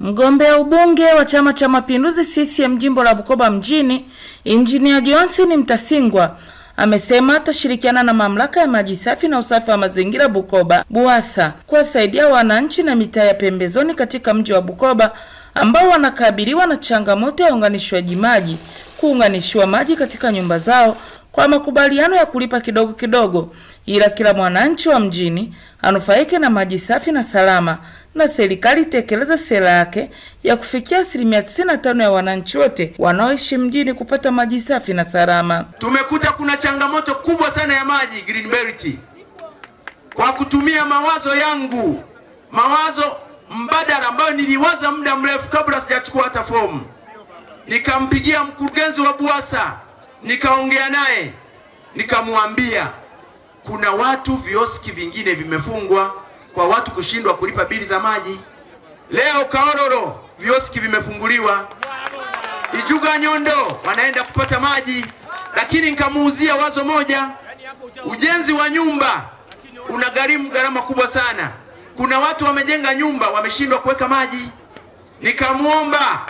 Mgombea ubunge wa Chama cha Mapinduzi CCM jimbo la Bukoba mjini, Injinia Johnson Mtasingwa amesema atashirikiana na mamlaka ya maji safi na usafi wa mazingira Bukoba BUWASA kuwasaidia wananchi na mitaa ya pembezoni katika mji wa Bukoba ambao wanakabiliwa na changamoto ya unganishwaji maji kuunganishiwa maji katika nyumba zao kwa makubaliano ya kulipa kidogo kidogo, ila kila mwananchi wa mjini anufaike na maji safi na salama na serikali itekeleza sera yake ya kufikia asilimia 95 ya wananchi wote wanaoishi mjini kupata maji safi na salama. Tumekuta kuna changamoto kubwa sana ya maji Green Belt. Kwa kutumia mawazo yangu, mawazo mbadala ambayo niliwaza muda mrefu kabla sijachukua hata fomu, nikampigia mkurugenzi wa BUWASA nikaongea naye, nikamwambia kuna watu vioski vingine vimefungwa kwa watu kushindwa kulipa bili za maji. Leo Kaororo vioski vimefunguliwa, Ijuga Nyondo wanaenda kupata maji, lakini nikamuuzia wazo moja. Ujenzi wa nyumba unagharimu gharama kubwa sana. Kuna watu wamejenga nyumba wameshindwa kuweka maji. Nikamwomba,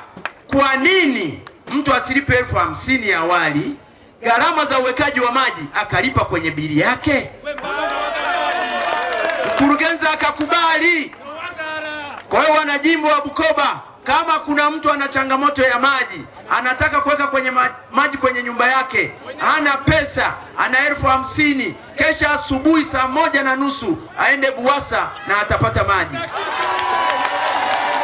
kwa nini mtu asilipe elfu hamsini ya awali gharama za uwekaji wa maji akalipa kwenye bili yake? mkurugenzi akakubali. Kwa hiyo wanajimbo wa Bukoba, kama kuna mtu ana changamoto ya maji, anataka kuweka kwenye maji kwenye nyumba yake, hana pesa, ana elfu hamsini, kesha asubuhi saa moja na nusu aende Buwasa na atapata maji.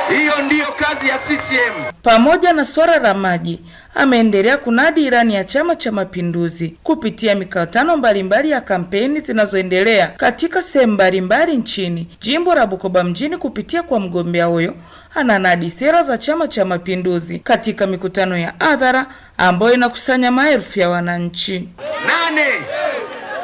Hiyo ndiyo kazi ya CCM. Pamoja na swala la maji, ameendelea kunadi ilani ya Chama cha Mapinduzi kupitia mikutano mbalimbali ya kampeni zinazoendelea katika sehemu mbalimbali nchini. Jimbo la Bukoba mjini kupitia kwa mgombea huyo ananadi sera za Chama cha Mapinduzi katika mikutano ya hadhara ambayo inakusanya maelfu ya wananchi. Nane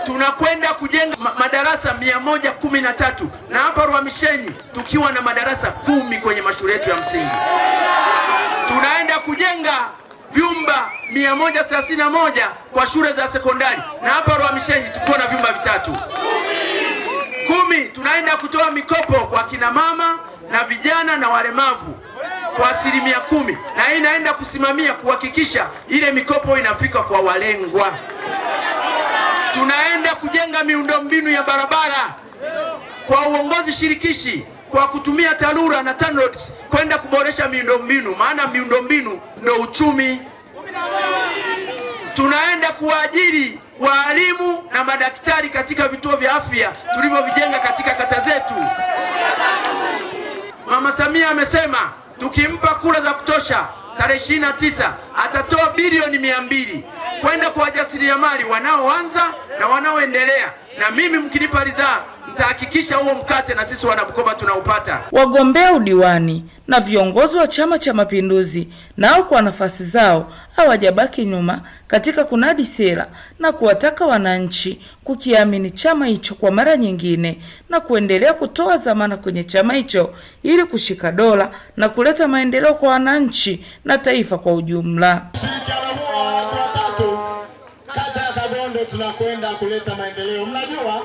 tunakwenda kujenga madarasa mia moja kumi na tatu na hapa Rwamishenyi tukiwa na madarasa kumi kwenye mashule yetu ya msingi. Tunaenda kujenga vyumba 131 kwa shule za sekondari na hapa Rwamishenyi tukiwa na vyumba vitatu kumi. Tunaenda kutoa mikopo kwa kina mama na vijana na walemavu kwa asilimia kumi, na hii inaenda kusimamia kuhakikisha ile mikopo inafika kwa walengwa. Tunaenda miundombinu ya barabara kwa uongozi shirikishi kwa kutumia TARURA na TANROADS kwenda kuboresha miundombinu, maana miundombinu ndo uchumi. Tunaenda kuajiri waalimu na madaktari katika vituo vya afya tulivyovijenga katika kata zetu. Mama Samia amesema tukimpa kura za kutosha tarehe 29 tisa atatoa bilioni mia mbili kwenda kwa wajasiriamali wanaoanza na wanaoendelea, na mimi mkinipa ridhaa nitahakikisha huo mkate na sisi wanabukoba tunaupata. Wagombea udiwani na viongozi wa Chama cha Mapinduzi nao kwa nafasi zao hawajabaki nyuma katika kunadi sera na kuwataka wananchi kukiamini chama hicho kwa mara nyingine na kuendelea kutoa zamana kwenye chama hicho ili kushika dola na kuleta maendeleo kwa wananchi na taifa kwa ujumla. ya kuleta maendeleo. Mnajua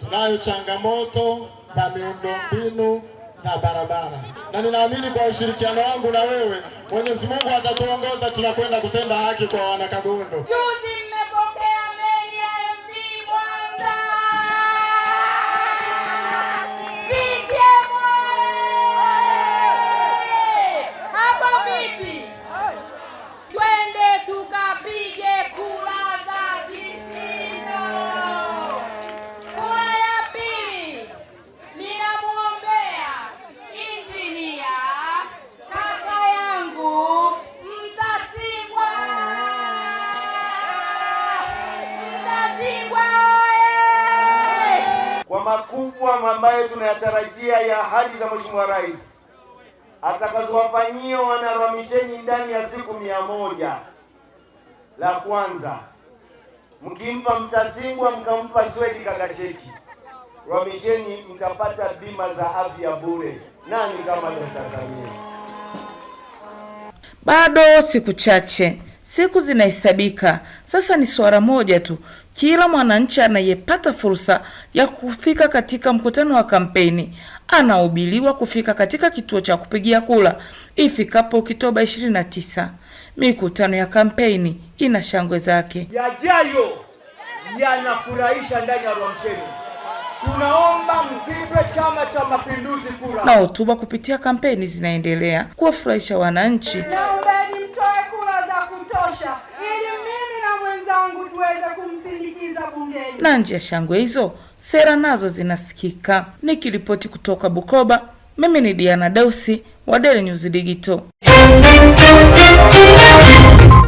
tunayo changamoto za miundombinu za barabara, na ninaamini kwa ushirikiano wangu na wewe, Mwenyezi Mungu atatuongoza, tunakwenda kutenda haki kwa wanakagondo. kwa makubwa ambayo tunayatarajia ya ahadi za Mheshimiwa Rais atakazowafanyia wanaramisheni ndani ya siku mia moja. La kwanza, mkimpa Mtasingwa mkampa Swedi kakasheki ramisheni, mtapata bima za afya bure. Nani kama Dkt. Samia? Bado siku chache, siku zinahesabika. Sasa ni swala moja tu, kila mwananchi anayepata fursa ya kufika katika mkutano wa kampeni anaubiliwa kufika katika kituo cha kupigia kura ifikapo Oktoba 29. Mikutano ya kampeni ina shangwe zake. Yajayo yanafurahisha ndani ya Rwamsheni. Tunaomba mkipe Chama cha Mapinduzi kura. Na hotuba kupitia kampeni zinaendelea kuwafurahisha wananchi. na nje ya shangwe hizo sera nazo zinasikika. Nikiripoti kutoka Bukoba, mimi ni Diana Dausi wa Daily News Digital.